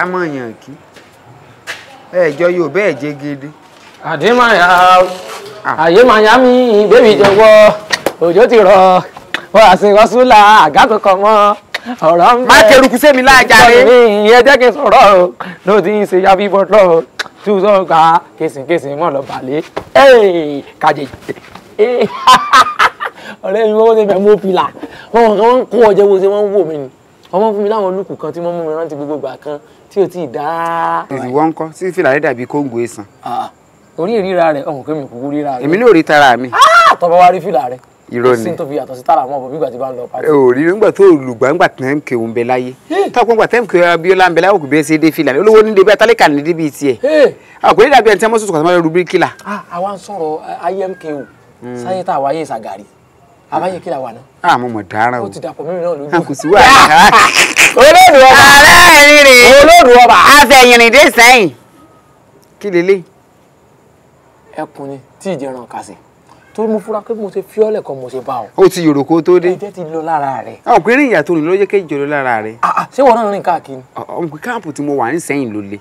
ká mọ̀ yàn kí ẹ̀jọ yóò bẹ́ẹ̀ jẹ́ gidi. àdèmàyà ah. àyèmàyà mi bébí jọ̀wọ́ òjò ti rọ̀ wọ́n àṣeyọsúlà àgá tó kọ̀ mọ́ ọ̀rọ̀ ń bẹ́ẹ̀. má kẹrùkù sẹ́mi láàjáre. ìyẹn jẹ́ kí n sọ̀rọ̀ o ló ti ń ṣe ya bí bọ́tọ̀ o tú sọ gba kẹsìnkẹsìn mọ́ lọ bàlẹ́ kàjèjì ọ̀rẹ́ mi wọ́n ti bẹ̀ mú pìlà wọ́n kó ọjẹ́ wo ṣe wọ́n wò mí ni ọmọ fún mi láwọn olùkù kan tí wọ́n mú mi rántí gbogbo ìgbà kan tí o ti dá. ìwọ ńkọ́ sí fìlà rẹ dàbí kóńgò èsàn. Ah, ah. orí ìríra rẹ ọmọ kémi kúkú ríra rẹ. èmi náà rí tara mi. Ah, tọ́ba wa rí fìlà rẹ. irọ́ ni sí tó fi yàtọ̀ sí tara mọ́ bọ̀ bígbà tí bá ń lọ pàtó. o rí nígbà tó olùgbà ńgbà tẹ̀ ń kéwù ń bẹ láyé tọ́pọ̀ ńgbà tẹ̀ ń kéwù abiola ń bẹ láyé òkùnbí ẹsẹ̀ dé fìlà olówó ní débẹ̀ tálíkà ní débi tiẹ̀. àkòrí dàbí ẹni tí wọ́n sọ̀tún kàtàmọ́ lọ rúbíríkìlà. àwa ń sọ̀rọ̀ ayé mko hmm. sáyé tá àwa ayé ìsàgàrí àbáyé kí la wà náà. a ah, mọ̀ mọ̀ dára o. o ti dàpọ̀ mímu náà lójú. a ah, kò sí wà náà. olóòdù ọba. ààrẹ rìn rìn. olóòdù ọba. afẹ̀yìnrìn dé sẹ́yìn. kí lélẹ̀. ẹkùn ni tí ìjẹran kà sí torí mo fura pé mo ṣe fi ọ́lẹ̀ kan mo ṣe bá ọ. o ti yòrò kó tó dé. ẹ̀jẹ̀ ti lọ lára rẹ̀. àwọn òpin ìrìn ìyàtọ̀ ló jẹ́ kí ìjọ lọ lára rẹ̀. Ah, ṣé wọn náà rìn káàkiri. ọmọ pé káàpù tí mo wà ní sẹ́yìn ló le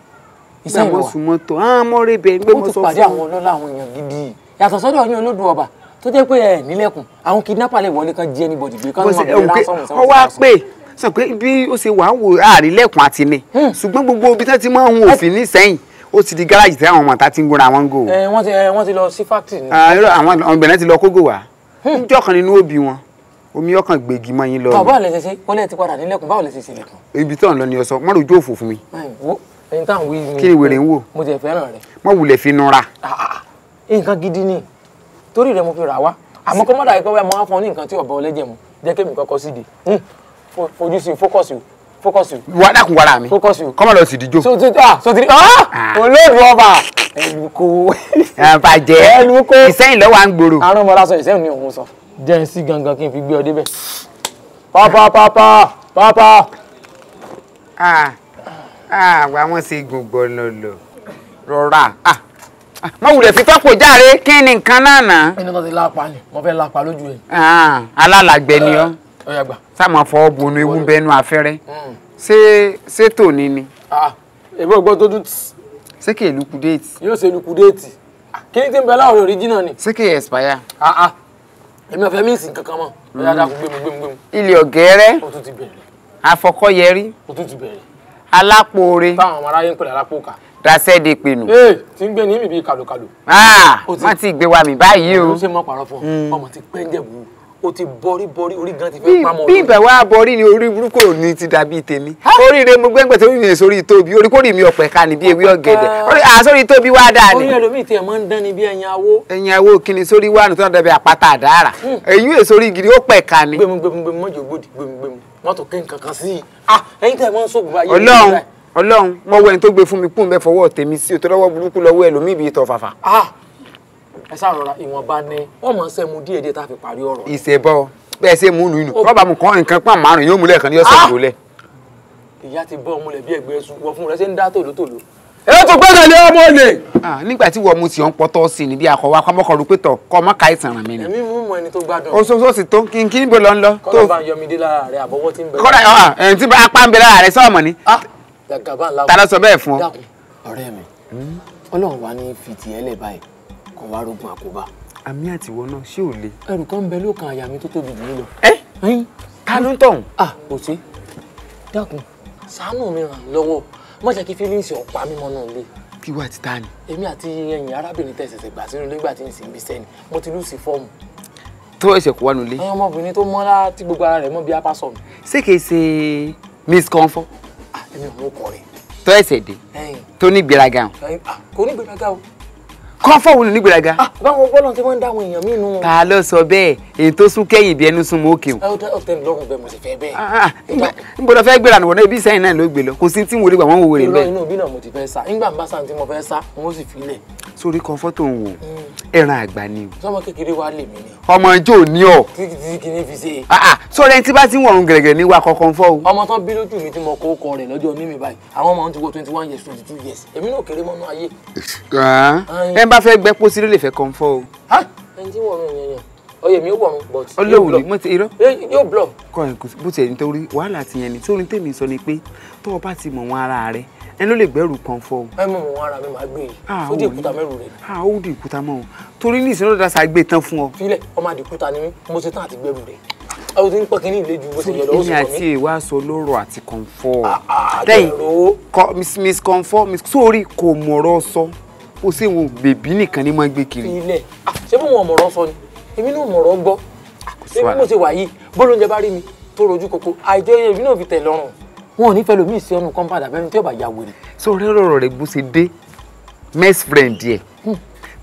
tó jẹ́ pé ẹ nílẹ̀kùn àwọn kidnapper lè wọlé kan jí anybody gbé kán máa bẹ̀rẹ̀ lásán ọ̀sán. ọwọ́ pé sọ pé bí ó ṣe wà á wò àrílẹ̀kùn àti ni hmm. ṣùgbọ́n gbogbo ibi tí wọ́n ti máa ń òfin ní sẹ́yìn ó ti di gáràjì tí àwọn mọ̀ta ti ń gbóra wọn gò. ẹ wọ́n ti ẹ wọ́n ti lọ sí factory. Ah, àwọn ọ̀gbẹ̀rẹ̀ ti lọ kógò wá hmm. níjọ́ kan nínú òbí wọn omi ọkàn gbègi mọ yín lọ. báwo lẹ ṣe ṣe ó lẹ ti padà nílẹ̀kùn báwo lẹ ṣe ṣe lẹ̀kùn. ibi tí wọn lọ ni ọ sọ mọ rojú òfò fún mi. kí ni wèrè ń wò. mo ti ẹ̀ fẹ́ràn rẹ. mọ wulẹ̀ fi nura. Ah, ah, nǹkan gidi ni torí rẹ mo fi rà wá àmọ́ kọ́ mọ́dà ìkọ́wé mo wá fún ọ ní nǹkan tí ọ̀bọ ọlẹ́jẹ̀ mu jẹ́ kémi kọ́kọ́ sí di hmm. fojú sí fókọ̀sì o fókọ̀sì o. wà á dàkún wàrà mi fókọ̀sì o kọ́mọ lọ sí ìdíjọ́. so ti ah so ti ah, ah. olóòdù ọba ẹnukó àbàjẹ́ ẹnukó ìsẹ́yìn lọ́wọ́ à ń gbòòrò. arán mọ́ra sọ ìsẹ́yìn ni òun sọ jẹ́ ẹ sí gangan kí n fi gbé ọ débẹ̀. pápá pápá pápá. àwọn ṣe gbogbo ọ̀nà lọ rọra ah mo wulẹ̀ fi tọ́kọ̀ járe kí ni nǹkan náà nà. ẹni tó ti lápá ni mo fẹ́ lápá lójú ẹ. alálàgbẹ ni ọ eh, sáàmù fọwọ́ bu onu ewu bẹnu afẹ́rẹ́ hmm. ṣé ṣé tòní ni. Ah, èmi ò gbọ́ tó dùn tì. ṣé kì í lu kùdéètì. yóò ṣe lu kùdéètì ah, kí ni tí ń bẹ láwọn original ni. ṣé kì í expire. Ah, èmi ò fẹ́ mí ìsìn kankan mọ́ ẹ̀yà hmm. dàkú gbẹmú gbẹmú gbẹmú. ilé ọ̀gẹ́rẹ́ afọkọ́yẹrí alápòore. táwọn ọmọ aráyé ń pè lálápò kà dasẹ́de pinnu. ee tí ń gbé ní ibi kàlòkàlò. wọ́n ah, ti gbé wa mi báyìí o. ṣé mo pàrọ̀ fún ọ hmm. ọmọ ti pẹ́ńjẹ̀ wù o ti bọrí bọrí orí gan ti fẹ́ pamọ́. bí ìbẹ̀ wá bọrí ni orí burúkú ò ní ti dàbí tèmi. oríire mo gbẹ́ngbẹ́ tó rìn sórí tóbi orí kórìí mi ọ̀pẹ̀ ká ni bí ewé ọ̀gẹ̀dẹ̀ orí àsórí tóbi wá dáa ni. orí ẹlòmíì tiẹ̀ máa ń dán ni bí ẹyin awó. ẹyin awó kí sórí wà ní tó ń dàbí àpáta àdára ọlọ́run mo wọ ẹni tó gbé fún mi kú mẹ́ fọwọ́ tèmi sí òtò lọ́wọ́ burúkú lọ́wọ́ ẹ̀ lómi ìbí ìtọ̀ fàfà. Ah! ẹ ṣàròra ìwọ̀nba ni wọ́n mọ̀ ṣe mu díẹ̀ díẹ̀ tá a fi parí ọ̀rọ̀. ìṣèbọ bẹ́ẹ̀ ṣe mú nínú rọ́bà mu kàn nǹkan pàm márùn yóò múlẹ̀ kan ní ọ̀sẹ̀ ìgbòlẹ̀. Ah! ìyá ti bọ́ ọmọlẹ̀ bí ẹgbẹ́ sùn wọ fún rẹ ṣe ń dá tòlótòló. ẹ tó gbọ́dọ̀ lé ọmọ olè. Ah, nígbà tí wọ́n mu ti ọ̀n pọ́tọ́ sí ni bí akọ wa kọ́mọ́kọ́ rú pé tọ̀ kọ́ ọmọ ká ìtàn ràn mí ni. èmi mú mọ ẹni tó gbádùn. oṣooṣo sì tó kí n kí n bò lọ ń lọ. kọ́lá bá yọmídé lára rẹ àbọ̀wọ́ ti ń bẹ̀rẹ̀. kọ́lá ẹ̀ ń tí bá apá ń bẹ lára rẹ sọ́ọ̀mọ̀ ni ta ló sọ bẹ́ẹ̀ fún ọ. ọ̀rẹ́ mi ọlọ́run wa ní fìtì ẹlẹ̀ báyìí kò wá rogun àkóbá. àmì àtiwọ́ náà ṣé ò le. ẹrù kan ń bẹ lókàn àyà mi tó tóbi jù mí lọ. ẹ ká ló ń tọ̀hún. à kò sí dákun ṣàánú mi ràn lọ́wọ́ má jẹ́ kí fílíǹsì ọ̀pá mímọ́ náà le. kí wàá ti ta ni. èmi àti ẹ̀yin arábìnrin tẹ̀ ṣẹ̀ṣẹ̀ gbà sínú nígbà tí n sì ń bí sẹ́ni mo ti lù sí fọ́ọ̀mù. tó ẹsẹ̀ kó wá nulẹ̀. ọmọbìnrin tó mọ́lá tí gbogbo ara rẹ̀ mọ́ bí apá sọ̀rọ̀. ṣé kìí ṣe miss comfort èmi ò mú ọkùnrin. tó ẹsẹ̀ dé tó ní gbéraga o. Ah, kò ní gbéraga o. kọ́fọ́ wo ló ní gbéraga. Ah, báwọn bọ́lọ̀ tí wọ́n ń dáwọn èèyàn mí nù. ta ló sọ bẹ́ẹ̀ èyí tó sún kẹ́yìn bí ẹnu sún mọ́ òkè o. ọ̀tẹ̀ mi lọ́rùn bẹ́ẹ̀ mo sì fẹ́ bẹ́ẹ̀. n ah, bọ̀dọ̀ fẹ́ gbéra nìwọ̀n náà ibi sẹ́yìn náà ló gbé lọ kò sí tí mo rí gbà wọ́n wò rè bẹ́ẹ̀. inú bí náà mo ti fẹ́ sá nígbà ń bá sáà tí mo fẹ́ sá n ó sì fi lẹ̀ sórí kan fọ́tò ń wò hmm. ẹran àgbà ni o. sọmọ kékeré wa lè mí ni. ọmọ ijó ni ọ. títí títí kìíní fi ṣe. Ah, ah. sọ̀rọ̀ ẹni tí bá ti ń wọ̀rùn gẹ̀rẹ̀gẹ̀rẹ̀ ní wa kankan fọ́ o. ọmọ tán bí lójú mi tí mo kó kọ rẹ̀ lọ́jọ́ ní báyìí àwọn ọmọ ti wọ twenty one years twenty two years èmi náà kéré mọ́nú ayé. Ah. ẹ bá fẹ́ gbẹ́ pósí ló lè fẹ́ kan fọ́ o. ẹni tí wọ̀rùn yẹn yẹn oyè mi ó wọ̀run but. olówó ni mo ti irọ́. yóò blọ. kọ́ ẹ̀ kò bó tiẹ̀ nítorí wàhálà ti yẹn ni torí tèmi sọ ẹ ló lè gbẹ́rù kan fọ o. ẹ mọ òun ara mi máa gbé e ah, ó di ìkúta mẹ́rù rẹ. a ó di ìkúta ah, mọ́ o torí ní ìsinmi ọ̀dà ṣàgbé e tán fún ọ. filẹ ọmọ àdìkúta ni mo ṣe tán àti gbẹ́rù rẹ àwọn tí ń pọ̀ kí ní ìlejò bó ṣe yẹ lọ́wọ́ sọ̀rọ̀ mi. èmi àti ìwà aṣọ lóró àti kọ̀ǹfọ̀. lẹ́yìn miss kọ̀ǹfọ̀ miss sórí kò mọ̀rọ̀ sọ ó sì wọn bèbí nìkan ní máa gbé kiri. ilẹ̀ ah, ṣé bí wọn mọ̀rọ̀ sọ ni èmi náà mọ̀rọ̀ gbọ́ èmi mo ṣe wà yìí bó lóúnjẹ bá rí mi tó rojú koko àìjẹ́ èmi náà fi tẹ̀ lọ́rùn wọn ò ní fẹ́ lomi sí ọ̀nù compound àbẹ́ni tí ó bá ya wèrè. so rẹ́rọ̀rọ̀ rẹ̀ bó ṣe dé best friend yẹ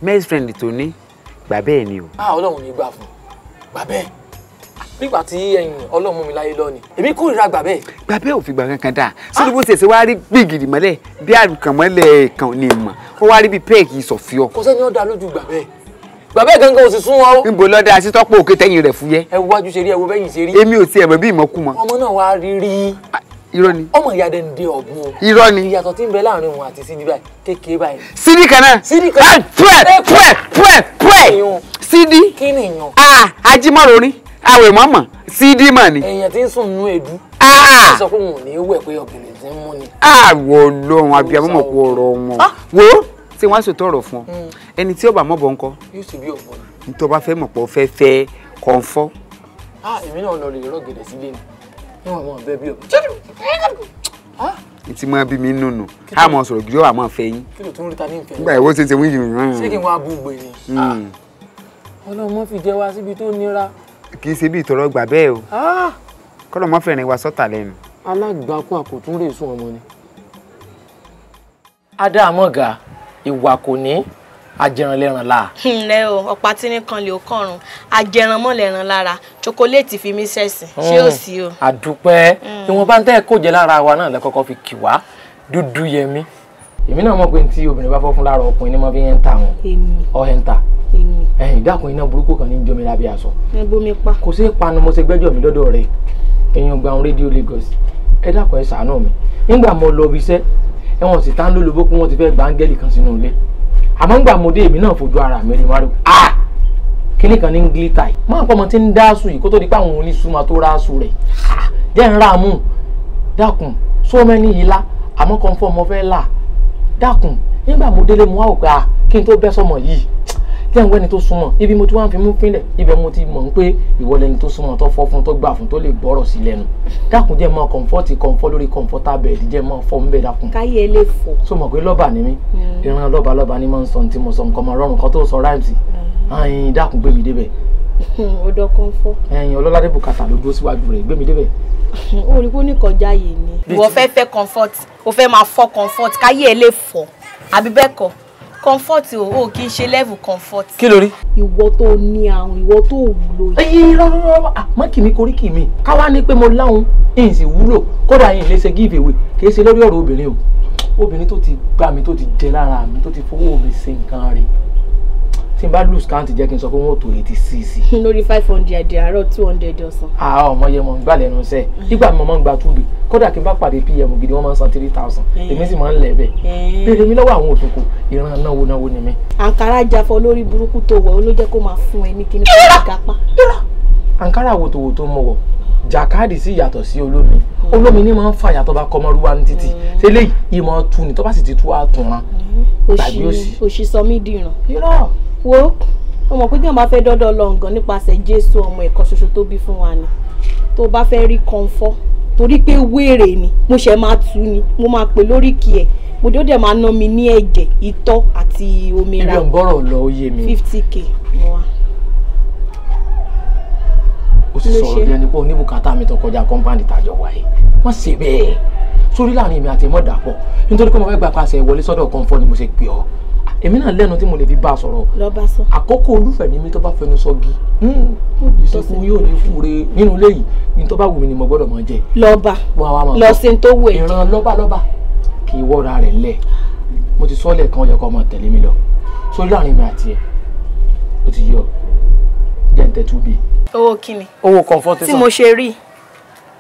best hmm. friend tó ní gbà bẹ́ẹ̀ ni o. a ah, ọlọ́run ní gbà fún gbà bẹ́ẹ̀ nígbà tí ẹyin ọlọ́run mú mi láyé lọ́ni èmi kórìíra gbà bẹ́ẹ̀. gbà bẹ́ẹ̀ ò fi gbà kankan dà ah. síbi bó ṣe ṣe wá rí gbìgìrì mọ́lẹ̀ bí àrùkàn mọ́lẹ̀ kan ni ìmọ̀ ó wá rí bí pẹ́ẹ̀kì sọ̀fíọ́. kò sẹ́ni ó dá lójú gbà bẹ́ẹ̀ bàbá ẹ̀ gangan ò sì sún wọn o. nbọ lọ́dẹ asítọ́pọ̀ òkè tẹ́yìn rẹ̀ fúyẹ́. ẹ wájú ṣe rí ẹ wo bẹ́yìn ṣe rí. èmi ò tiẹ̀ mọ̀ bí ìmọ̀kùmọ̀. ọmọ náà wàá rí rí. Ah, irọ́ ni. ọmọ ìyá dẹni dé ọ̀gbun o. irọ́ ni. ìyàtọ̀ tí ń bẹ láàrin òun àti sídìí báyìí kékeré báyìí. sídìí kan CD sídìí kan náà. pẹ́ẹ́ pẹ́ẹ́ pẹ́ẹ́ CD. sídìí. kí ni ìyàn. a ah, ajimọ̀rò orin àwẹ̀ mọ̀mọ̀ sídìí mà ni. èèyàn ti ń sùn nínú èdú. a ah. sọ pé òun ò ní wẹ̀ pé ọ̀gẹ̀lẹ̀ ti ń mú ni. àwọ̀ ah, ọlọ́run àbí àbọ̀mọ̀ kú ọ̀rọ̀ wọn. wo tí wọ́n á ṣètò ọ̀rọ̀ fún ọ hmm. ẹni tí ọba mọ̀bọ̀ ńkọ. yóò sì bí ọ̀gbọ́n. ní tó bá fẹ́ mọ̀ pọ̀ fẹ́ fẹ́ kọ̀ǹfọ́. a èmi náà lọ lè rọ́gẹ̀dẹ̀ sílé ni wọn bẹbí o. ìtì máa bí mi nùnù á mọ sọ̀rọ̀ jù yóò àmọ́ fẹ́ yín. kí ló tún rí ta ní ìfẹ́. nígbà ìwọ ṣe ti wí yìí rán. ṣé kí n wá búgbe ni. Hmm. Ah! ọlọ́mọ fi jẹ wá síbi tó nira. kì í ṣe bí ìtọ́rọ gbà bẹ́ẹ̀ o ah! kọ́lọ́ mọ́ fẹ́rin wa sọ́tà lẹ́nu. alágbàkún àkótún rè sún ọmọ ni. adáàmọ̀gà ìwà kò ní ajẹran lẹ́ran láà. ǹlẹ́ hmm, o ọ̀pá tí nìkan lè kọ̀run ajẹran mọ́ lẹ́ran lára chocolate fi mí sẹ̀sìn ṣé ò hmm, sí o. àdúpẹ́ hmm. ìwọ̀nba ń tẹ́ kó jẹ lára wa náà lẹ́kọ́kọ́ fi kì wá dúdú yẹmí èmi náà mọ̀ pé tí obìnrin bá fọ́ fún lára ọkùnrin ni mo fi ń ta wọn ọ̀hẹ́ ń ta ẹ̀yìn ìdákùn iná burúkú kan ní jọmi lábẹ́ aṣọ. ẹ bomi pa. kò sí ìpanu mo ṣe gbẹ́jọ́ mi lọ́dọ̀ mo lọ ibi iṣẹ́ ẹ̀wọ̀n sì tá ń lólobó pé wọ́n àmọ́ ń gbà mo dé èmi náà fojú ara mi rí wọn ah kíní kan ní ń glita yìí máa pọ́ ọmọ tí ń dáàsù yìí kó tó di pé àwọn onísùnmọ́ tó ráàsù rẹ̀ ah jẹ́ ń ra mú dákun so many ìlà àmọ́ kan fọ́ ọmọ fẹ́ là dákun nígbà mo délé mo wá ah kí n tó bẹ́ sọmọ yìí tí àwọn ẹni tó súnmọ́ ibi mo ti wá ń fi mú fínlẹ̀ ibẹ̀ mo ti mọ̀ pé ìwọ lẹni tó súnmọ́ tó fọ́ fún tó gbà fún tó lè gbọ́rọ̀ sí lẹ́nu dákun jẹ́ máa kọ̀ǹfọ́ọ̀tì kọ̀ǹfọ́ lórí kọ̀ǹfọ́tà bẹ́ẹ̀dì jẹ́ máa fọ́ nbẹ̀ dákun. káyé ilé fò. so mọ̀ pé lọ́ba ni mí hmm. ìran lọ́ba lọ́ba ni máa ń sọ tí mo sọ nǹkan máa rọrùn kan tó sọ ráìmù sí hmm. ayin dákun gbé mi débẹ̀. ọdọ kan fọ. ẹyin ọlọ́ládé bùkátà ló dúró síwájú rẹ̀ gbé mi débẹ̀. orí kò ní kọjá yìí ni. ìwọ fẹ́ fẹ́ comfort o fẹ́ máa fọ́ comfort káyé ẹ lè fọ́ àbí bẹ́ẹ̀ kọ́ comfort o ò kí n ṣe level comfort. kí ló rí. ìwọ tó ní àrùn ìwọ tó wúlò. ẹyin rọrọrọ àmọ́ kìmí koríkì mi káwá ní pé mo láwọn ìyìn sì wúlò kódà ìyìn lè ṣe give away kì í ṣe lórí ọ̀rọ̀ obìnrin o obìnrin tó ti gbà mí tó ti jẹ lára mi tó ti fowó mi ṣe nǹkan rẹ̀ tí n bá lose count jẹ́ kí n sọ pé wọ́n tó eighty six. lórí five hundred àárọ̀ two hundred ọ̀sán. àá ọmọ yẹn mọ̀ ń gbà lẹ́nu iṣẹ́ mm. nígbà mi mo máa ń gba two b kódà kí n bá pàdé pm gidi wọ́n máa ń san three thousand mm. èmi sì máa ń lẹ̀ bẹ́ẹ̀ mm. bèrè mi lọ́wọ́ àwọn òṣùkù ìran náwó náwó ni mí. àǹkárá jafọ lórí burúkú tó wọ̀ ló jẹ́ kó máa fún ẹ ní kíní pẹ̀lú ìkápá. àǹkárá wòtòwò tó mọ̀ wọ̀ jàkáàdì sí yàtọ̀ sí olómi olómi ní máa ń fà yàtọ̀ bá kọmọrúwa ní títì ṣe lè ìmọ̀ tu ni tó bá sì ti tú àtúnran tàbí òsì. òsì sọ mí dìran. irọ́ wo o mọ̀ pé tí wọ́n bá fẹ́ dọ́dọ̀ lọ́ngàn nípasẹ̀ jésù ọmọ ẹ̀kọ́ ṣoṣo tó bí fún wa ni tó bá fẹ́ rí kọ́ńfọ́ torí pé wéèrè ni mo ṣe máa tú ni mo máa pè lórí kí ẹ̀ mo dé ó dẹ̀ máa ná mi ní ẹ̀jẹ̀ itọ́ àti omi ra ibi ọ̀gbọ́rọ̀ lọ ó yé mi fifty k mo wá. ó sì sọ̀rọ̀ bí ẹni pé oníbùkátà mi tó kọjá kọ́ńpáàdì tàjọ wáyé wọ́n ṣe bẹ́ẹ̀ sórí láàrin mi àti ẹ̀mọ́dà pọ̀ nítorí pé mo fẹ́ gbà pàṣẹ sọ́dọ̀ kọ́ńfọ́ ni mo ṣe pè ọ́ èmi náà lẹ́nu tí mo lè fi bá a sọ̀rọ̀ àkókò olúfẹ̀mí mi tó bá fẹnu sọ gi hmm. hmm, ìsìnkú yóò ní fure nínú ilé yìí ní tó bá wù mí ni mo gbọ́dọ̀ mọ̀ jẹ. lọ́ba lọ sí tó wù ẹ́. ìran lọ́ba lọ́ba kì í wọ́ra rẹ̀ lẹ̀ mo ti sọ́ọ̀lẹ̀ kan ọ̀yọ̀kọ̀ ọmọ tẹ̀lé mi lọ sórí láàrin mi àti ẹ̀ ó ti yọ jẹ́ǹtẹ̀ tún bí. owó kíni owó kọ̀ǹfọ́tẹ́sán tí mo ṣe rí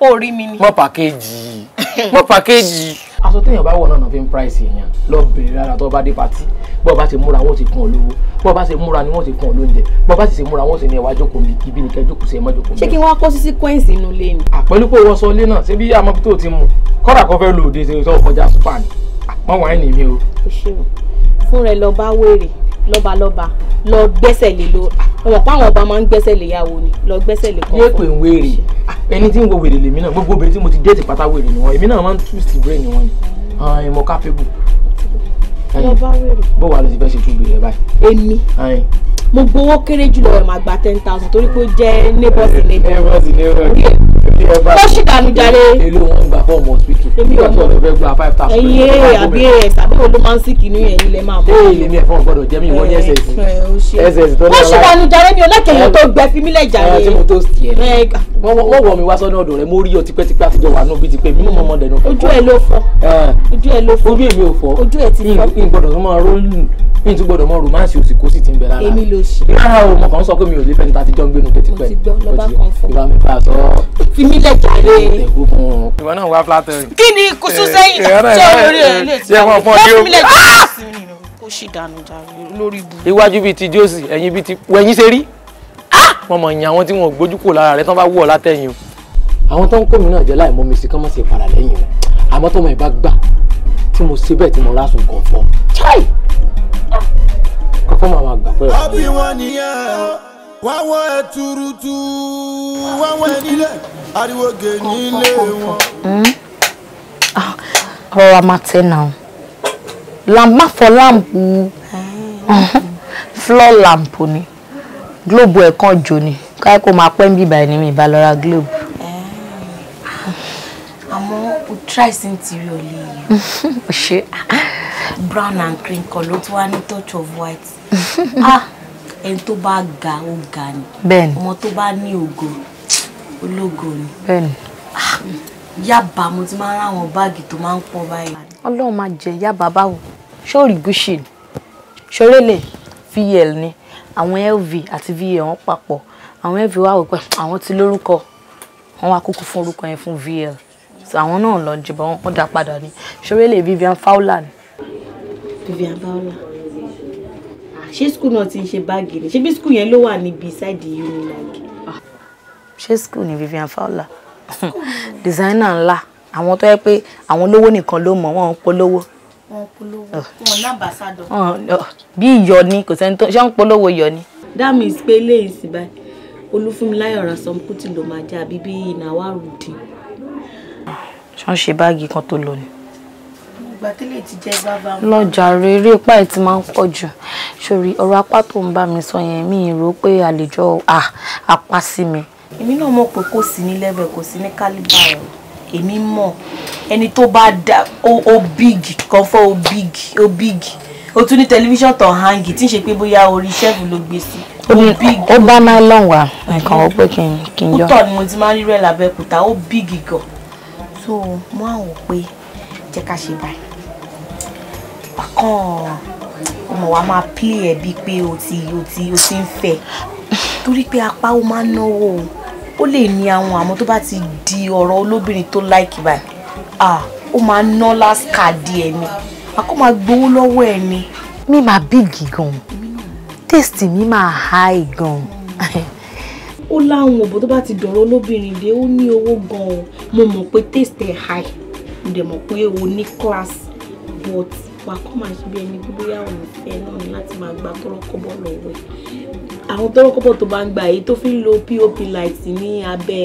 ó rí mi ni. mọ́ pàkéjì mọ́ pàkéjì aṣọ téèyàn bá wọ̀ náà náà fi ń price èèyàn lọ bèrè rárá tó bá dé pati bó bá ti múra wọn ti kún olówó bó bá ti múra ni wọn ti kún olóúnjẹ bó bá sì ti múra wọn sì ní ẹwà jókòó mi ibi nìkan jókòó sí ẹ má jókòó mi. ṣé kí wọ́n kó sí sequence inú ilé ni. àpẹẹlú pé wọ́n sọ ilé náà ṣébí àmọ́ bí tó ti mú kọ́dà kan fẹ́ lòdì tó kọjá super ni àpọ́n wàá ní mi o. o ṣeun fúnra ẹ lọ bá wèrè lọ́balọ́ba lọ gbẹ́sẹ̀ lé ló ọmọ pa àwọn ọba máa ń gbẹ́sẹ̀ lé yàwó ni lọ gbẹ́sẹ̀ lé kọ́kọ́. yé pé ń wèrè ẹni tí ń wo wèrè lèmi náà gbogbo obìnrin tí mo ti déètì pátá wèrè ni wọn èmi náà máa ń twist brain wọn ni ìmọ̀ capable. lọ bá wèrè. bó wàá lọ sí fẹ́ ṣe túbú rẹ báyìí. èmi mo gbowó kéré jùlọ ẹ̀ máa gba ten thousand torí pé ó jẹ́ neighbors neighbor. neighbors neighbor kọ́ṣì dànù jàre. èlò wọn gbà fọ́ ọmọ hospital. èmi ò mọ̀ ọ̀rọ̀ fẹ́ gba five thousand. ẹyẹ àbí ẹ tàbí olú máa ń sì kìnnú yẹn ilẹ̀ máa mọ̀. ee èmi ẹ̀fọn gbọ́dọ̀ jẹ́ mi ìwọ́n ní ẹsẹ̀ sí ẹsẹ̀ sí tó ní ọlá. kọ́ṣì dànù mi ò lẹ́kẹ̀yìn tó gbẹ fi mílẹ̀ jàre. wọ́n wọ̀ mi wá sọ́nà ọ̀dọ̀ rẹ̀ mo rí ọ tipẹ́tipẹ́ àtijọ́ wà níbi tipẹ́ mi mọ̀ mọ̀ dẹ̀nu. ojú ẹ ló fọ́ ojú ẹ ló fọ́ ojú èmi ò fọ́ ojú ẹ ti fọ́ mi gbọ́dọ̀ tó máa rólù mi tún gbọ́dọ̀ mọ romance òsì kó sì ti ń bẹ lára èmi ló ṣe. rárá o mo kàn ń sọ pé mi ò lè fẹ́ ní ta ti jọ ń gbénu pé ìgbà mi pa sọ fi mí lẹ̀ jàre. ìwọ náà wá flattery. kí ni kò sún sẹ́yìn eh, ṣé olórí ẹ̀ lè eh, ti sọ ah! fi mí lẹ̀ jàre. kó sì dànù jàre lórí ibu. iwájú bíi ti jósì ẹ̀yìn bíi ti wẹ̀yìn ṣe rí. Ah! wọ́n mọ̀ yàn àwọn tí wọ́n gbójú kò lára rẹ̀ tán bá wù ọ́ látẹ̀yìn o. àwọn tó ń kó mi náà jẹ́ láì mi sí kán má ṣe fara lẹ́yìn rẹ̀ àmọ́ tó mọ̀ ẹ̀ bá gbà tí mo ṣe bẹ́ẹ̀ tí mo lásùn kàn fọ́. Ah! kọ́kọ́ máa ma gbà pẹ́ẹ́ wáwọ́ ẹ turutu wáwọ́ ẹ nílẹ̀ ariwo gè nílé wọn. Ah, rọra máa tẹ náà làmbá fọ láǹpù flọ láǹpù ni globe ẹ̀ kan jò ni káyọ̀ kó máa pẹ́ ń bíbá ẹni mi ìbálọ́ra globe. Eh, àmọ́ o try sí ti rí ọ lè yẹ. brown and cream, kan ló tún wá ní touch of white. ah ẹni tó bá ga ó ga ni ọmọ tó bá ní ògo ológo ni ah, yaba mo ti máa ń ráwọn báàgì tó máa ń pọ̀ báyìí. ọlọ́run máa jẹ yaba báwo ṣóòrì gúúsì ni vl ni àwọn lv àti vl wọn papọ̀ àwọn lv wà wípé àwọn ti lórúkọ wọn wá kúkú fún orúkọ yẹn fún vl àwọn náà lọ jìbọn wọn dá padà ní ṣórélè vivian fowler ni. vivian fowler ṣé skul náà ti ń ṣe báàgì ni ṣebí skul yẹn ló wà níbi ṣáìdì unilag. ṣé skul ni Vivian Fowler designer ńlá àwọn tó yẹ pé àwọn olówó nìkan ló mọ̀ wọ́n polówó wọn polówó wọn lábàásádọ. bí iyọ̀ ni kò sẹ́ni tó ṣé ń polówó iyọ̀ ni. that means pé léyìí sí báyìí olúfúnmiláyọ̀ rasom kùtì ló máa jẹ́ àbí bí ìnáwó àrùndín. ṣọ́n ṣe báàgì kan tó lò ní ìgbà tẹ́lẹ̀ ti jẹ́ bàbá mi. lọ́jà rere ipá ẹ̀ ti máa ń pọ̀ jù sórí ọ̀rọ̀ apá tó ń bá mi sọ yẹn mi rò pé àlejò apá sí mi. èmi náà mọ̀ pé kò sí ní level kò sí ní kálíbà ẹ̀ èmi mọ̀ ẹni tó bá da o big kan fọ́ o big o big o tún ní tẹlifíṣàn tán hangi tí ń ṣe pé bóyá orí ṣẹ́ẹ̀fù ló gbé sí ó bá máa lọ́n wá nǹkan ó pé kí n yọ. kútọ̀ ni mo ti máa ń rí rẹ̀ lábẹ́kúta ó bíìgì gan. so mo á wò pé jẹ́ ká ṣe báyìí bákan ọmọ wa máa play ẹ bíi pé o ti o ti o ti ń fẹ́ torí pé apá ó máa ń náwó ó lè ní àwọn àmọ́ tó bá ti di ọ̀rọ̀ olóbìnrin tó láìkì báyìí ah ó máa ń ná last card ẹ ni a kò máa gbowó lọ́wọ́ ẹ ni. mi máa bíìgì gan taste mi máa high gan. ó láwọn òbò tó bá ti dọ̀rọ̀ olóbìnrin dé ó ní owó gan mo mọ̀ pé taste ẹ̀ high mo dẹ̀ mọ̀ pé o ní class but fà á kọ́ máa ṣe bí ẹni gbogbo yà wọ́n fẹ́ náà ni láti máa gba tọ́rọ́kọ́bọ̀ lọ́wọ́ ẹ̀ àwọn tọ́rọ́kọ́bọ̀ tó bá ń gbà èyí tó fi ń lo pop light ní abẹ́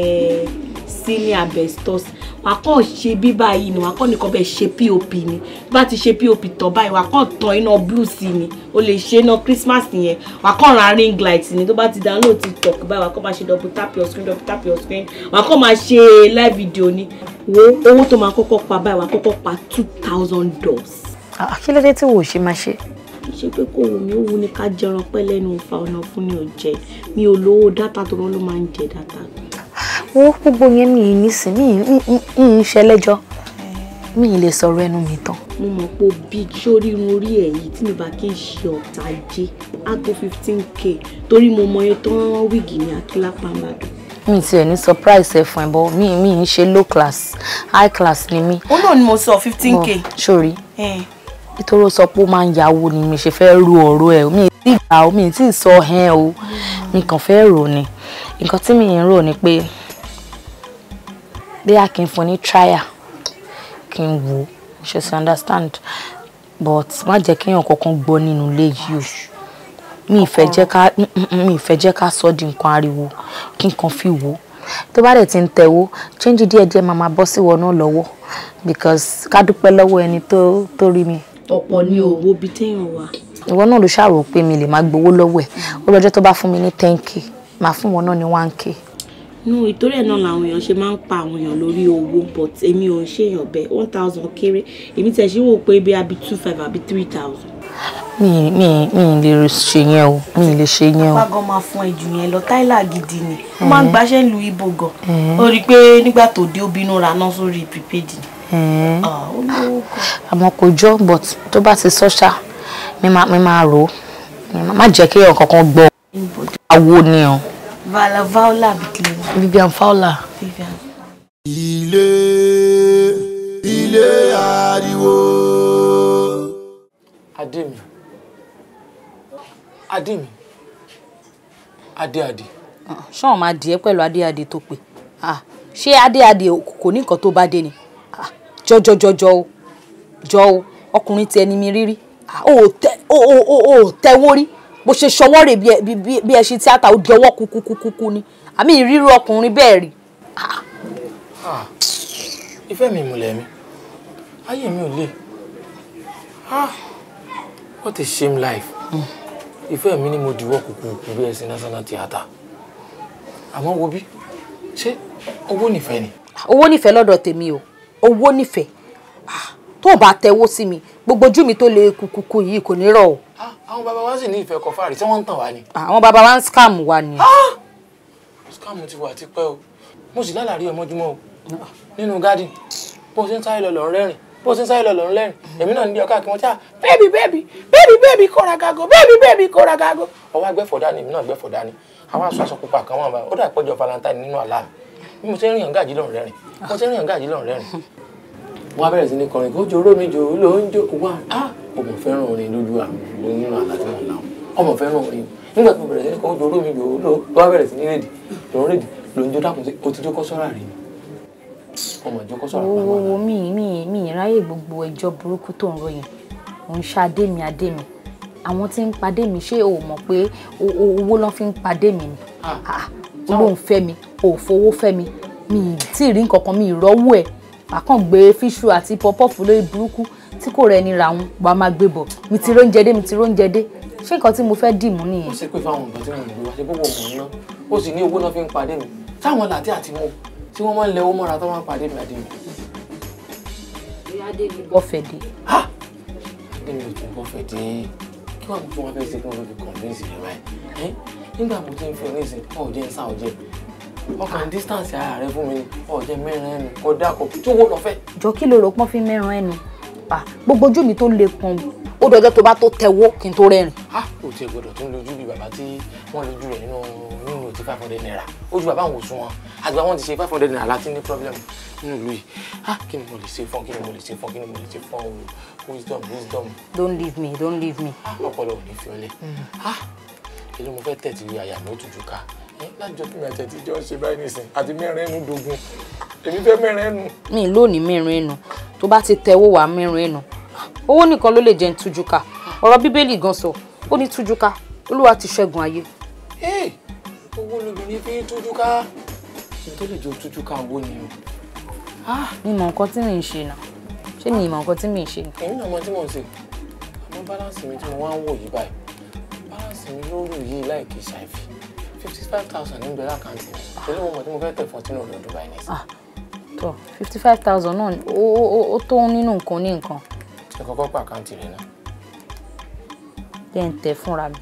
sí ní abestos wàá kọ́ ṣe bí báyìí ni wàá kọ́ nìkan bẹ́ẹ̀ ṣe pop ni bá ti ṣe pop tọ̀ báyìí wàá kọ́ tọ̀ iná blue sí ni o lè ṣe iná christmas yẹn wàá kọ́ ra ring light ni tó bá ti download tiktok báyìí wàá kọ́ máa ṣe double tap your screen double tap your screen wàá kọ́ máa ṣe live video ni wo owó tó máa kọ́kọ́ pa báyìí wàá kọ́kọ́ pa two thousand dollars Ah, kí ló dé tí wò ó ṣe máa ṣe. kì í ṣe pé kò wù mí ó wù ní ká jẹran pẹ́ lẹ́nu òfa ọ̀nà fún ni ò jẹ mi ò lówó dátà tó rán ló máa ń jẹ dátà. wo gbogbo yẹn mi ì nísìn mi ì ń ṣẹlẹ́jọ́ mi ì lè sọ̀rọ̀ ẹnu mi tán. mo mọ̀ pé bí sórí irun orí ẹ̀ yìí tí mi bá kí n ṣe ọ̀tá jẹ́ àgọ́ fifteen k torí mo mọ ẹ tán wíìgì ní akílápàmàdù mi ti ẹ̀ ní surprise ẹ̀ fún ẹ̀ bọ́ mi mi ń ṣe low class high class ni mi. ó náà ni mo sọ fifteen k. sori nítorí ó sọ pé ó máa ń yàwó ni mi ṣe fẹ́ ru ọ̀rọ̀ ẹ̀ mi ti gbà ó mi ti sọ ẹ̀ o mi kàn fẹ́ rò ni nǹkan tí mi ń rò ni pé bí a kì í fún ní trial kí n wò ṣe ṣe understand but má jẹ́ kí èèyàn kankan gbọ́ nínú ilé yìí o mi ìfẹ́ jẹ́ ká mi ìfẹ́ jẹ́ ká sọ di nǹkan ariwo kí n kàn fi wò tó bá dẹ̀ ti ń tẹ̀wó change díẹ̀ díẹ̀ máa máa bọ́ sí wọn lọ́wọ́ because ká dúpẹ́ lọ́wọ́ ẹni tó rí mi ọ̀pọ̀ ni òwò bí téèyàn wà. ìwọ náà ló ṣàrò pé mi lè máa gbowó lọ́wọ́ ẹ̀ ó lọ́jọ́ tó bá fún mi ní ten k máa fún wọn náà ní one k. inú ìtorí ẹ̀ náà làwọn èèyàn ṣe máa ń pa àwọn èèyàn lórí owó but èmi ò ń ṣèyàn bẹ́ẹ̀ one thousand kéré èmi tẹ̀ ṣe wò pé bí abi two five àbí three thousand. mi mi mi lè ṣe yẹn o mi lè ṣe yẹn o. apá gan máa fún ẹjù yẹn lọ táìlà gidi ni ó máa ń gbaṣẹ́ lu ibo gan ó rí i pé nígbà tó dé ó bínú ra náà sórí prepaid ni. Ah, àmọ́ kò jọ but tó bá ti sọ́ṣà mi máa rò ó má jẹ́ kí èèyàn kankan gbọ́ Awo ni o. vala vaula bikini. vivian faula. ilé ilé ariwo. adé mi adé mi adé adé. ṣọ́ọ̀n máa dìé pẹ̀lú adé adé tó pé ah, ṣé adé adé kò ní nǹkan tó bá dé ni jọjọjọjọ o jọ o ọkùnrin tí ẹni mi rírí o ò tẹ́wọ́ rí bó ṣe ṣọwọ́ rè bí ẹ ṣe tíátà ó di ọwọ́ kúkúkúkú ni àmì ìrírú ọkùnrin bẹ́ẹ̀ rí. ìfẹ́ mi ìmùlẹ̀ mi ayé mi ò lè what a shame life hmm. ìfẹ́ mi ni mo diwọ́ kúkúkú bí ẹ ṣe national theatre àmọ́ wo bí ṣé owó nífẹ̀ẹ́ ni. owó nífẹ̀ẹ́ lọ́dọ̀ tèmi o owó nífẹ̀ẹ́ ah, tó o bá tẹwọ́ sí mi gbogbo ojú mi tó lè kúkúkú yìí kò ní rọ̀ o. Ah, àwọn bàbá wa sì ní ìfẹ́ kọfáàrí tí wọ́n ń tàn wá ni. Ah, àwọn bàbá wa ń scam wa ni. scam ti wà tipẹ́ o mo sì lálàrí ọmọjúmọ́ o nínú garden bó ṣe ń sáré lọ lọ rẹ́rìn bó ṣe ń sáré lọ lọ rẹ́rìn èmi náà ní ọkọ àkínwọ́n tí a bẹ́ẹ̀bì bẹ́ẹ̀bì bẹ́ẹ̀bì bẹ́ẹ̀bì kóra gago bẹ́ẹ̀bì bẹ́ẹ̀bì kóra gago ọwọ́ agbẹ́fọ̀dá ni èmi náà gbẹ́fọ̀dá ni àwọn aṣọ àṣọ pupa kan wà báyìí ó dà pẹ́jọ valentine nínú àlá mi bí mo ṣe ń rìn ọ̀gá àjílọ̀ rẹ̀ rìn mo ṣe ń rìn ọ̀gá àjílọ̀ rẹ̀ rìn. wọ́n á bẹ̀rẹ̀ sí ni. kọrin kó joró mi jòrú ló ń jó wá á ọmọ fẹ́ràn orin lójú àmì nínú àlàtí wọn làwọn ọmọ fẹ́ràn orin nígbà tó bẹ̀rẹ̀ sí ní kọ́ joró mi jòrú ló wá bẹ̀rẹ̀ sí ní rèdì ló ń rèdì ló ń jó dákun sí otí jókọ́ sọ́ra rẹ̀ ọmọ ìjókọ́ sọ́ra pàmò àná. mi mi mi ráyè gbogbo ẹjọ́ burúkú tó ń ròyìn òun ṣe adé mi adé mi àwọn tí ń padé mi ṣé o mọ̀ pé owó ló fi ń padé mi ni ah, ah, olóhùn fẹ́ mi ò fowó fẹ́ mi mi ì tí ì rí nǹkan kan mi ì rọ́wọ́ ẹ̀ àkàn gbé fíṣù àti pọ́pọ́ọ̀fù lórí burúkú tí kò rẹni ra wọn wàá máa gbé bọ̀ mi ti róúnjẹ dé mi ti róúnjẹ dé ṣé nǹkan tí mo fẹ́ dì mú nìyẹn. ó ṣe pé fáwọn nǹkan tí mo lè wá ṣe gbogbo ògùn ná ó sì ní owó náà fi ń pàdé mi táwọn làtí àti mo tí wọ́n máa ń lẹ owó mọ́ra tó máa ń pàdé mi àdé mi. ìyá adé mi bọ́ fẹ̀ dé. adé mi ò tún bọ́ dé kí wàá ọkàn distance ara rẹ fún mi ni ọ̀jẹ̀ mẹ́rin ẹnu kọjá kọ tí owó lọ fẹ́. jọ kí ló rò pọ́n fi mẹ́rin ẹnu pa gbogbo ojú mi tó le pọn ó dọjọ́ tó bá tó tẹ̀wó kí n tó rẹ́rìn. a ò tiẹ̀ gbọ́dọ̀ tún lójú bí bàbá tí wọ́n lójú rẹ̀ nínú nínú ti five hundred naira ojú bàbá àwọn òsùn wọn àgbà wọn ti ṣe five hundred naira láti ní problem nínú ìlú yìí a kí ni mo lè ṣe fún kí ni mo lè ṣe fún kí ni mo lè ṣe fún o wisdom wisdom. don't leave me don't leave me. ọpọlọ ò ní fi Ah, mm. a èlò mo fẹ́ tẹ̀ tí àyà mi ó tutù ká lájọ tí mi àti ẹtì jọ ṣe báyìí nìsín àti mẹ́rin ẹnu dogun èmi fẹ́ mẹ́rin ẹnu. mi lónìí mẹ́rin ẹnu tó bá ti tẹwọ́ wá mẹ́rin ẹnu owó nìkan ló lè jẹ́ ń tújúká ọ̀rọ̀ bíbélì gan sọ ó ní tújúká olúwa ti ṣẹ́gun ayé. owó lobìnrin fi ń tújúká ṣe tó lè jọ tújúká owó ni o. Ah, mi mọ nǹkan tí mi ń ṣe náà ṣé mi mọ nǹkan tí mi ń ṣe. èmi náà mọ tí mò ń ṣe àmọ́ báláǹsì mi tí mo wá ń wò yìí báyìí báláǹsì mi lóòrùn yìí láì kì í ṣàìfì fifty five thousand níbi lákàntì torí mo mọ̀ tí mo fẹ́ tẹ̀ fọ́tínú olódùbà ẹni. tó fifty five thousand náà ó tó nínú nǹkan ní nǹkan. ṣe kọ́kọ́ pa àkáǹtì rẹ̀ náà. bẹ́ẹ̀ ń tẹ fúnra mi.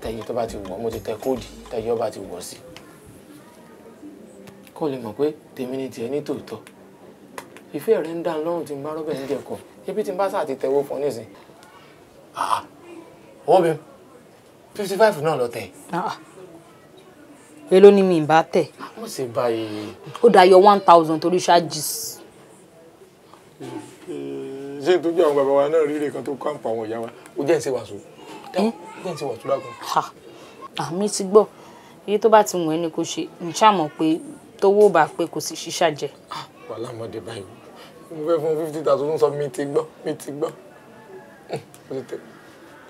tẹ̀yìn tó bá ti wọ̀ mo ti tẹ kóòdì tẹ̀yìn ọba ti wọ̀ sí. kó lè mọ̀ pé tèmi ni tiẹ̀ ní tòótọ́ ìfẹ́ rẹ̀ ń dá lọ́rùn tí n bá rọ́bẹ̀ ń jẹ̀kọ̀ ibi tí n bá sáà ti tẹ̀wọ́ fún nísìn. Ah, ó bẹ́ẹ̀ fifty five náà lọ tẹ̀. Ah. èló ni mi bá tẹ̀. wọ́n sì báyìí. ó dà yọ one thousand torí charges. ṣé ìtọ́jú àwọn bàbá wa náà rírè kan tó kọ́ àǹpọ̀ àwọn ìyá wa ó jẹ́ ìṣe wàásù jẹ́ ìṣe wàásù lágùn. àmì ah, ti gbọ́ iye tó bá ti wọ̀n ẹni kò ṣe ń ṣàmọ̀ pé tówó bá pé kò sì ṣiṣà jẹ. Ah, wàhálà mọ́dé báyìí mo fẹ́ fún fifty thousand sọ mi ti gbọ́ mi ti gbọ́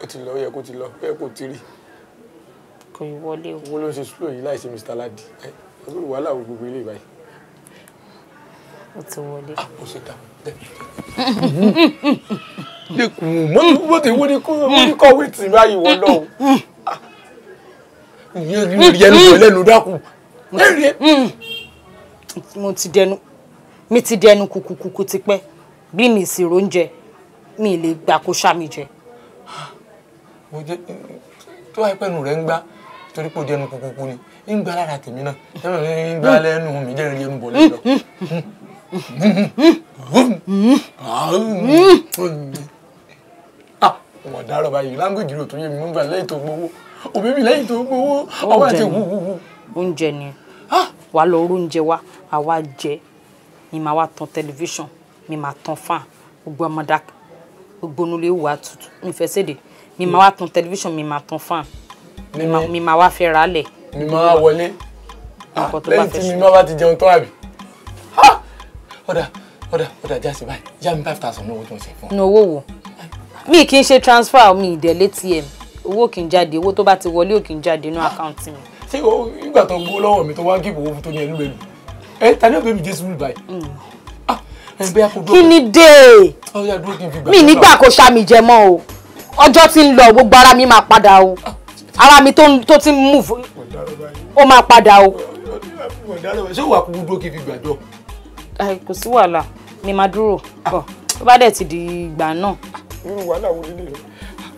ó ti lọ ó yẹ kó ti lọ ó yẹ kó ti rí. kò ì wọlé o. wọ́n ló ń ṣe slow yìí láì Mr. Ladi ọdún wàhálà gbogbo ilé ìbáyìí. ó ti wọlé. a ah, kò ṣe dà dẹ. lẹkùn mọ́tò bó ti wọ́n ní kó wọ́n ní kọ́wé tì báyìí wọ́n lọ́wọ́. Ah, ìyẹn rí rí ẹnu rẹ lẹ́nu dákun. mo ti dẹnu mi ti dẹnu kùkùkùkù tipẹ́ bí mi sì róúnjẹ mi lè gbà kó ṣá mi jẹ tó wáyé pẹ́nu rẹ̀ ń gbá torí pé ó di ẹnu kúkúkú ni ń gbá lára tèmi náà tẹ́lẹ̀ mi ń gbá lẹ́nu mi jẹ́rìí lẹ́nu bọ̀ lẹ́nu lọ. wọ́n dárọ̀ báyìí láńgbèjì rò tó yé mi mú gbà lẹ́yìn tó gbowó òbí mi lẹ́yìn tó gbowó ọwọ́ àti wúwúwú. oúnjẹ ni wàá lọ oúnjẹ wa àwa jẹ ni màá wa tan tẹlifíṣàn ni màá tan fáàn gbogbo ọmọdé gbónúlé wà tutù nífẹ̀ẹ́ mi mm. máa wá tún tẹlifíṣàn mi máa tún fan mi máa wá fẹ́ ra lẹ̀. mi máa wọlé ah, lẹ́yìn tí mi máa bá ti jẹun tán àbí ọ̀dà ọ̀dà ọ̀dà jáde báyìí já mi five thousand ní owó tó ń ṣe fún ọ. ní wo mi kì í ṣe transfer mi ìdẹ̀lé tm owó kì í jáde owó tó bá ti wọlé ò kì í jáde inú àkáǹtì mi. ṣé o ìgbà tó ń gbó lọ́wọ́ mi tó wá gíbò owó tó ní ẹlú ẹlú ẹ ta ni ọbẹ̀ mi jésù rú báyìí. Hmm. Ah, kí ni dé mi nígbà kó ṣàmì jẹ mọ́ o ọjọ́ tí ń lọ gbogbo ara mi máa padà o ara mi tó ti ń move ó máa padà o. ṣé wàá kú dúró kí n fi gbàjọ. kò sí wàhálà ni màá dúró bọ̀ tó bá dẹ̀ ti di ìgbà náà. irú wàhálà wo nílé rẹ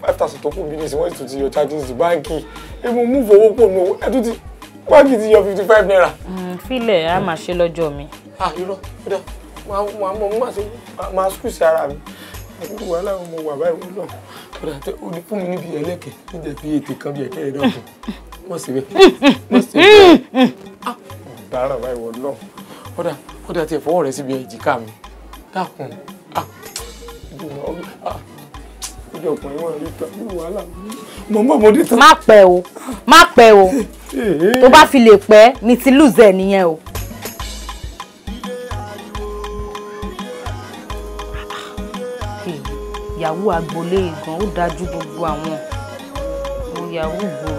five thousand tó kù mí ní ìsìnwọ́n ìtútù yọ charges to báńkì èmi mú fowó pò nù ẹ tún ti báńkì ti yọ fifty five naira. Mm, filẹ̀ a máa ṣe lọ́jọ́ mi. Ah, irọ́ kódà máa mọ̀ máa ṣe máa skúùsì ara mi àbúrò wàhálà mo wà báyìí wọ́n lọ kódà tó o ní fún mi níbi ẹlẹ́kẹ̀ níbi ẹ̀fí ètè kan bí ẹ̀kẹ́ rẹ̀ dọ̀tọ̀ wọ́n sì bẹ́ẹ̀ ah, ọ̀daràn báyìí wọ̀ náà kódà kódà tiẹ̀ fọwọ́ rẹ̀ síbi èjìká mi dákun ọjọ́ ah, ah, ọkùnrin wọn rí ta ní wàhálà mọ̀ mọ́ mo tán. má pẹ́ o má pẹ́ o eh, eh. tó bá fi lè pẹ́ mi ti lùzẹ̀ nìyẹn o. yahoo agboolé ìgàn ó dájú gbogbo àwọn àwọn gbòòrò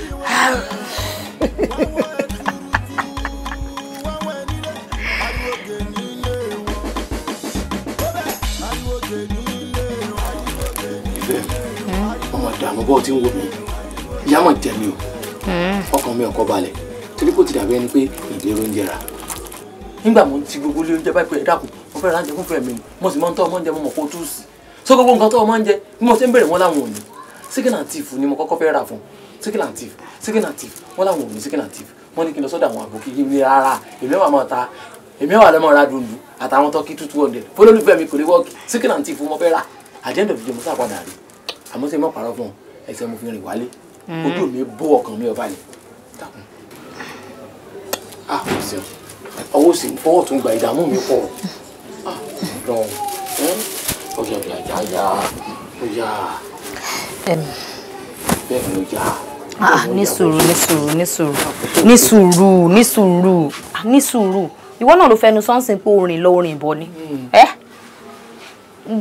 lọ. ọmọ ìdààmú bọ́ọ̀ tí ń wo mi ìyá mọ̀ jẹ́ mi o hmm ọkàn mi ọkọ balẹ̀ torí kò ti dàbí ẹni pé ìdí oúnjẹ rà. nígbà mo ti gbogbo ilé oúnjẹ báyìí pé ẹ dákun mo fẹ́ ra oúnjẹ fún fẹ́mi mo sì máa ń tọ́ ọmọ oúnjẹ mo mọ̀ kó tú sí i so gbogbo nǹkan tọ́ ọmọ oúnjẹ bí mo ṣe ń bèrè wọn láwọn òní chicken and thief ni mo kọ́kọ́ fẹ́ rà fún chicken and thief chicken and thief wọn láwọn òní chicken and thief wọn ní kí n lọ sọ́dọ̀ àwọn àbòkí yìí ní rárá èmi wà máa ta èmi wà lọ́mọ ra dundun àtàwọn tọ́kí two hundred fọlọ́lùfẹ́ mi kò lè wọ́ọ̀kì chicken and thief mo fẹ́ àmọ́ sẹ́yìn mọ́ pàrọ̀ fún ẹsẹ̀ mo fi rìn wálé hmm. ojú mi bó ọkàn mi ọ̀balẹ̀ ah kò sí ọwọ́ sì ń fọwọ́ tún gba ìdààmú mi pọ̀ ah dán ọjà ọjà ọjà ọjà ọjà bẹ́ẹ̀ Ah, ní sùúrù ní sùúrù ní sùúrù ní sùúrù ní ah, sùúrù ní sùúrù ìwọ náà ló fẹnu sọ́nsìn pé orin lọ orin ìbọn ni hmm. ẹ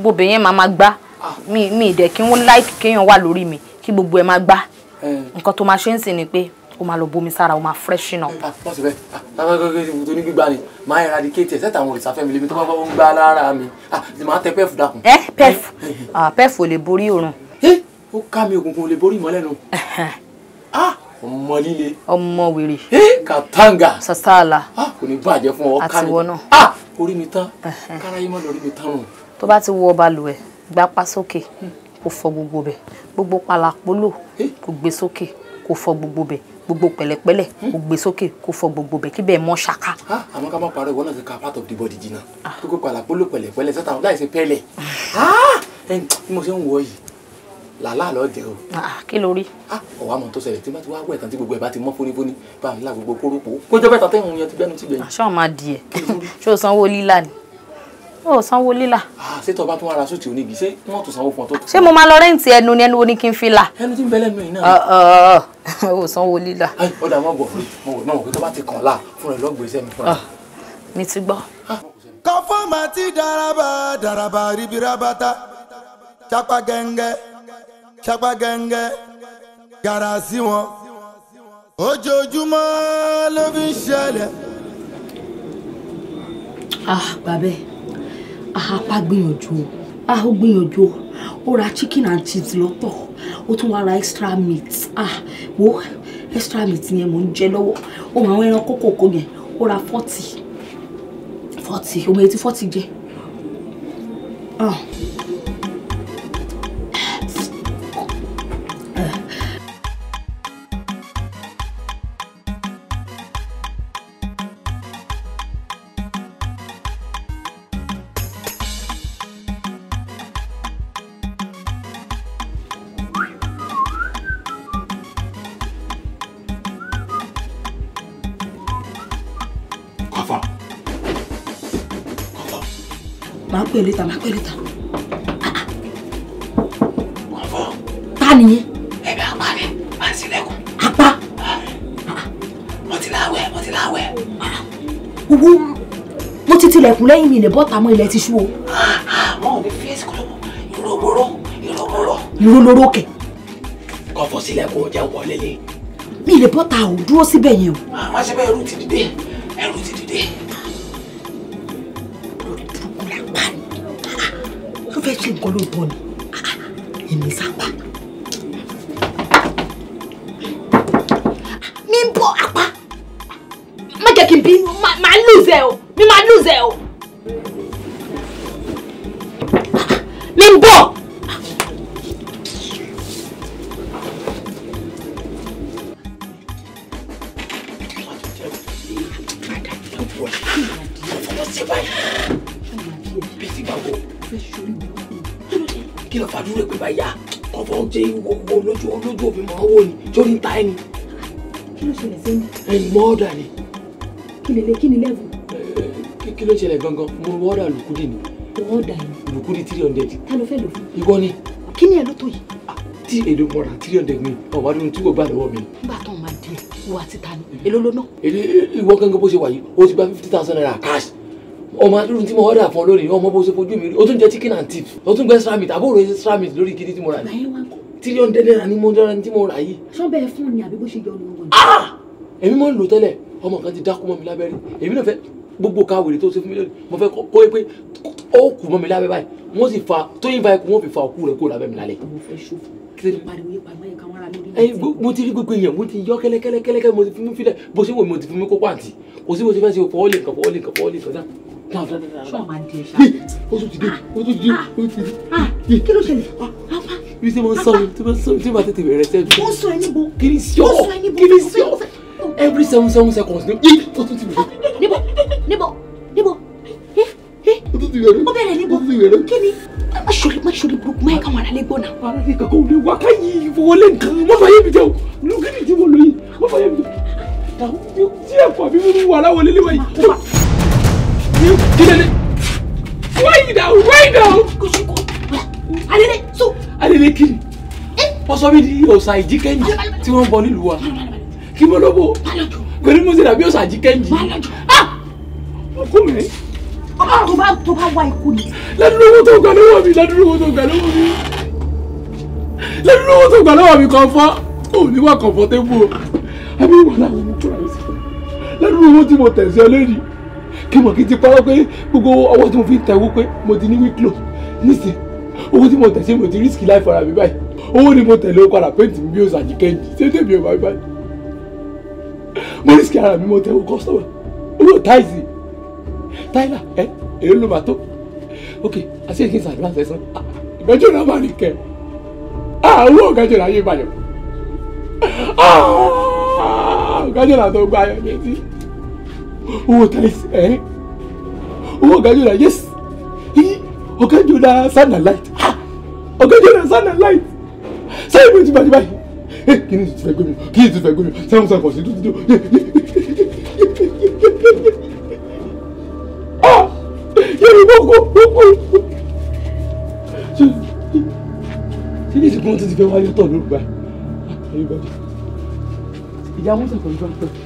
gbogbo yẹn máa máa gbá ah. mi ìdẹ̀ kí wọ́n láìkì kéèyàn wà lórí mi kí gbogbo ẹ máa gbá nǹkan tó máa ṣe ń sìn ni pé o máa lọ bomi sára o máa freshen up. wọ́n sì bẹ́ẹ̀ tó ní gbígbà ni máa eradicate ẹ̀ sẹ́ta àwọn òrìṣàfẹ́ mi lébi tó bá Ah, ń gbá lára mi ni màá tẹ Ah, dákun. ẹ pẹ́ẹ̀fù pẹ́ẹ̀fù ò lè borí òrùn. ó ká mi òkùnkùn ò lè borí Ah, nù. ọmọ líle. ọmọ wèrè. kàtàǹgà. sàṣàlà. kò ní bàjẹ́ fún ọ ká mi. àtiwọ́ náà. orí mi tán káráyé má lọ orí mi tán rùn. tó bá ti wọ balùwẹ̀ gbápá sókè kò fọ gbogbo bẹ̀ gbogbo palapolo kò gbé sókè kò fọ gbogbo bẹ̀ gbogbo pẹ̀lẹ́pẹ̀lẹ́ kó gbé sókè kó fọ gbogbo bẹ̀ kí bẹ́ẹ̀ mọ́ ṣaka. àmọ́ ká má parọ́ ìwọ náà ti ka part of the body jìnnà kókó pàlà polo pẹ̀lẹ́pẹ̀lẹ́ sẹ́tà láì ṣe pẹ́lẹ̀ ah. bí mo ṣe ń wọ yìí làlá lọ jẹ o. Ah, ah, kí ló rí. ọ̀wá mọ̀ tó ṣẹlẹ̀ tí bá ti wá wẹ̀ tán tí gbogbo ẹ̀ bá ti mọ́ fónífóní bá a nílà gbogbo kórópó kójọ́ bẹ́ẹ̀ tán tẹ́hùn yan ti gbẹ́nu ti gbẹ̀yìn. àṣọ ó sanwó lílà. Ah, ṣé tó bá tún wá ra sóòtì onígi ṣé wọn tún sanwó fún ọ tó. ṣé mo máa lọ rẹ́ǹtì ẹnu ni ẹnu oní kí n fi là. ẹnu tí ń bẹ lẹ́nu yìí náà. ó sanwó lílà. ọ̀dà wọn bọ̀ mo wò náà wò pé tó bá ti kàn láà fúnra ẹ̀ lọ́gbẹ̀ẹ́sẹ̀ mi fúnra. mi ti gbọ́. Ah. kọ́fọ́mà ti daraba daraba ribirabata chapa gẹ́ngẹ́ chapa gẹ́ngẹ́ yàrá sí wọn ojoojúmọ́ fi ń ah bàbá apá gbìyànjú o a ó gbìyànjú o ó ra chicken and cheese lọ́tọ̀ ó tún wá ra extra meat ah wo extra meat yẹn mò ń jẹ lọ́wọ́ ó mọ àwọn ẹran kókò yẹn ó ra forty forty ọmọ etí forty jẹ. Ah. pè létà máa pè létà. wọ́n ah, fọ́. Ah. ta nìyẹn. ẹbí apá ni máa ń sílẹ̀kùn. apá. Ah, mo ti láwẹ̀ mo ti láwẹ̀. owó mo ti tilẹ̀kùn lẹ́yìn mi ilẹ̀ bọ́ta mọ́ ilẹ̀ ti ṣú o. àwọn ò ní fi èsì kọ́ ìrọ̀gbọ̀rọ̀ ìrọ̀gbọ̀rọ̀. ìrọ̀lọ́rọ̀ kẹ̀. kọ́fọ̀ sílẹ̀kùn jẹ́ wọlé lé. mi ilẹ̀ bọ́ta ò dúró síbẹ̀ yẹn o. àwọn aṣẹ́bẹ̀ ẹrú ti dìde. kọ́ lóòótọ́ ni èmi sápá. mi ń bọ́ apá má jẹ́ kí n bí máa lùzẹ̀ o mi máa lùzẹ̀ o. sórí ta ẹni. kí ló ṣẹlẹ̀ sẹ́yìn. ẹ̀yìn mọ́ ọ̀dà ni. kí lè lè kí ni lẹ́bù. kí ló ṣẹlẹ̀ gangan mo wọ́ ọ̀dà lùkúdì ni. wọ́ ọ̀dà ni. lùkúdì three hundred. ta ló fẹ́ lò fún. ìwọ ni. kí ni ẹ ló tó yìí. Ah, tí èdè mọ̀ra three hundred mi ọ̀wá lóhun tí kò gbà lọ́wọ́ mi. nígbà tó ń máa di ìwọ àti ta ni èló ló ná. èlé ìwọ gangan bó ṣe wà yìí o ti gba fifty thousand naira cash ọmọ adúrún tí mo ọ̀dà fún ọ lónìí ọmọ bó ṣe fojú mi rí o tún jẹ chicken and tips o tún gbẹ ceramic àbúrò ceramic lórí kiri tí mo rà ní. báyìí wá kọ́ tíríọ̀n dẹ́lẹ̀ rà ní mo dára tí mo rà yìí. sọ́bẹ̀ fún ni àbí bó ṣe yọ ọ́ wọn. èmi máa ń lò tẹ́lẹ̀ ọmọ kan ti dákú mọ́ mi lábẹ́rẹ́ èmi náà fẹ́ gbogbo ká wèrè tó ṣe fún mi lónìí mo fẹ́ kó pé ó kù mọ́ mi lábẹ́ báyìí wọ́n sì fa tóyìn báyìí kú wọ́n fi fa òkú rẹ̀ kó lábẹ́ mi lálẹ́. mo fẹ́ ṣòfò mo ti rí gbogbo èèyàn mo ti yọ kẹlẹkẹlẹkẹlẹkẹ mo ti fi mú filẹ bó ṣe wò mo ti fi mú kó pàǹtì kò sí mo ti fẹ́ ṣe fọwọ́ lè nǹkan fọwọ́ lè nǹkan fọwọ́ lè nǹkan dáa dáa o máa ń di ẹ ṣáà. ó tún ti kí ló ṣẹlẹ̀ apá. Ah. Ah, ah, bí tí mo ń sọ mi tí mo ń sọ mi tí mo bá tètè bẹ̀rẹ̀ sẹ́yìn. ó sọ ẹni bo kí ni sí ọ kí ni sí ọ every seven seven seconds ni yìí tó tún ti bẹ̀rẹ̀. níbo níbo níbo ó tún ti bẹ̀rẹ̀ ó bẹ̀rẹ̀ níbo kí ni má ṣòrí má ṣòrí burúkú má yẹ káwọn ará lè gbọ́ náà. ara ní kankan ò lè wá káyì ìfowólé nǹkan má fà yé mi jẹun lókè ní tí mo lò yìí má fà yé mi jẹun díẹ̀ fà mí mímú wà láwọn olélé wáyé. kí lè dé wáyé náà wáyé náà. kò sí kò alẹ́ dẹ́ so. Adelekiri eh? wọ́n sọ mí di òòsà ìjí kẹ́ńjì tí wọ́n ń bọ nílùú wa kí mo lóbo pẹ̀lú mo ti ah o ìjí kẹ́ńjì kú mi. tó bá tó bá wá ikú ni. lẹ́dúró owó tó gbà lọ́wọ́ mi lẹ́dúró owó tó gbà lọ́wọ́ mi lẹ́dúró owó tó gbà lọ́wọ́ mi kàn fọ́ òun ní wà kọ̀ǹfọ́tébù o àbí wà láwọn ọmọ tó rà mí sí lẹ́dúró owó tí mo tẹ̀sí ọ lẹ́rìí kí mo kì í ti parọ́ pé gbogbo ọwọ́ tí mo fi ń tẹ̀wó pé mo ti ní wíkìlò nísìnyí owó tí mo tẹ̀ sí mo ti risk life ara mi báyìí owó ni mo tẹ̀lé ó padà paint mi bí o sàjìkẹ́jì ṣé tèmi ò báyìí báyìí mo risk ara mi mo tẹ̀ owó customer owó táìsì táìlà ẹ èrè ló máa tó ok àti èkìtì advance ẹ san ìgbẹ́jọ́ náà máa ní kẹ́ owó ìgbẹ́jọ́ náà yé balẹ̀ ah náà tó gbá ayọ̀ létí owó táìsì ẹ owó ìgbẹ́jọ́ náà yẹ́sì. Oganjola sound and light Oganjola sound and light sẹ́yìn mi ò ti bàjẹ́ báyìí kí ni ìtúfẹ́ gómìnà kí ni ìtúfẹ́ gómìnà sẹ́yìn sọ̀kọ̀ sí dúdú yorùbá kò kókó ṣé ní ìsìnkú wọn ti fẹ́ wáyé tọ̀ lórúkọ ah, yorùbá ìyá musa kò ní bá tọ̀.